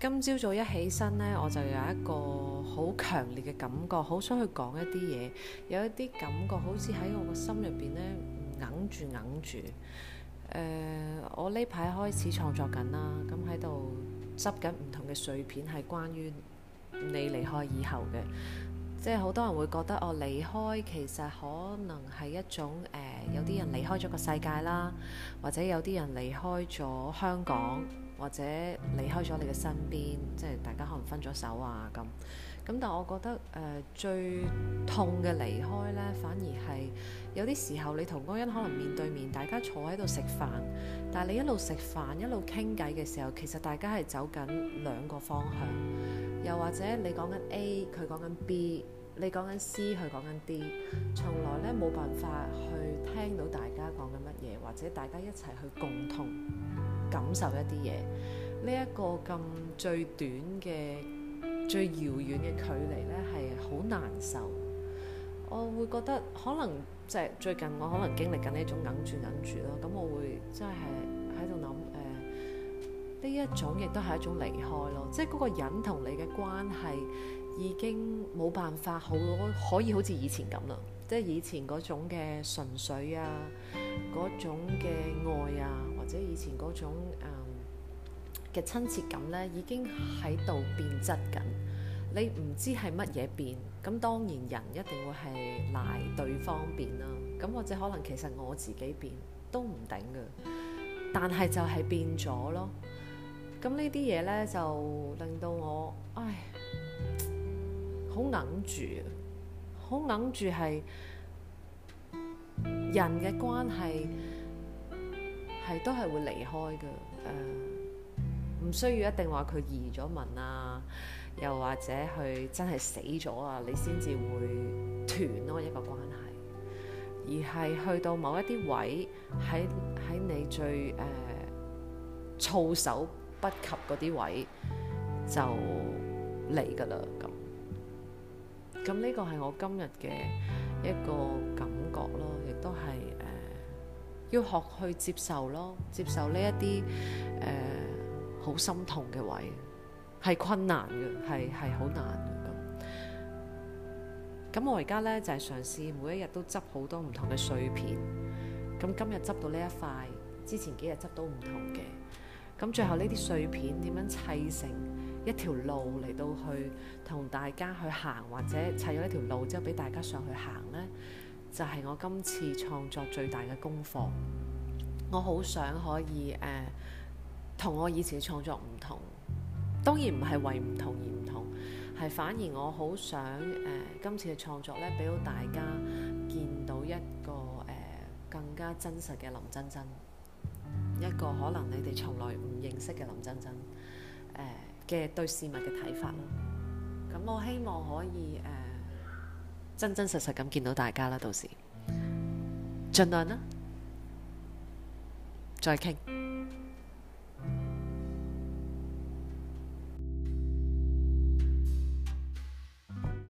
今朝早一起身呢，我就有一個好強烈嘅感覺，好想去講一啲嘢，有一啲感覺好似喺我個心入邊呢，硬住硬住。誒、呃，我呢排開始創作緊啦，咁喺度執緊唔同嘅碎片，係關於你離開以後嘅。即係好多人會覺得我離開其實可能係一種誒、呃，有啲人離開咗個世界啦，或者有啲人離開咗香港，或者離開咗你嘅身邊，即係大家可能分咗手啊咁。咁但我覺得誒、呃，最痛嘅離開呢，反而係有啲時候你同嗰個人可能面對面，大家坐喺度食飯，但係你一路食飯一路傾偈嘅時候，其實大家係走緊兩個方向。又或者你講緊 A，佢講緊 B，你講緊 C，佢講緊 D，從來咧冇辦法去聽到大家講緊乜嘢，或者大家一齊去共同感受一啲嘢。呢一個咁最短嘅、最遙遠嘅距離咧，係好難受。我會覺得可能即係最近我可能經歷緊呢一種忍住忍住咯，咁我會真係喺度諗，呃呢一種亦都係一種離開咯，即係嗰個人同你嘅關係已經冇辦法好可以好似以前咁啦，即係以前嗰種嘅純粹啊，嗰種嘅愛啊，或者以前嗰種、嗯、嘅親切感呢，已經喺度變質緊。你唔知係乜嘢變咁，當然人一定會係賴對方變啦。咁或者可能其實我自己變都唔頂嘅，但係就係變咗咯。咁呢啲嘢咧，就令到我唉，好忍住，好忍住，係人嘅關係，係都係會離開嘅，誒，唔需要一定話佢移咗民啊，又或者佢真係死咗啊，你先至會斷咯一個關係，而係去到某一啲位，喺喺你最誒措手。呃不及嗰啲位就嚟噶啦，咁咁呢個係我今日嘅一個感覺咯，亦都係誒、呃、要學去接受咯，接受呢一啲誒好心痛嘅位，係困難嘅，係係好難嘅咁。咁我而家呢，就係嘗試每一日都執好多唔同嘅碎片，咁今日執到呢一塊，之前幾日執到唔同嘅。咁最後呢啲碎片點樣砌成一條路嚟到去同大家去行，或者砌咗一條路之後俾大家上去行呢？就係、是、我今次創作最大嘅功課。我好想可以誒，同、呃、我以前嘅創作唔同，當然唔係為唔同而唔同，係反而我好想、呃、今次嘅創作呢，俾到大家見到一個誒、呃、更加真實嘅林珍珍。一個可能你哋從來唔認識嘅林珍珍嘅、呃、對事物嘅睇法咯。咁我希望可以誒、呃、真真實實咁見到大家啦，到時盡量啦，再傾。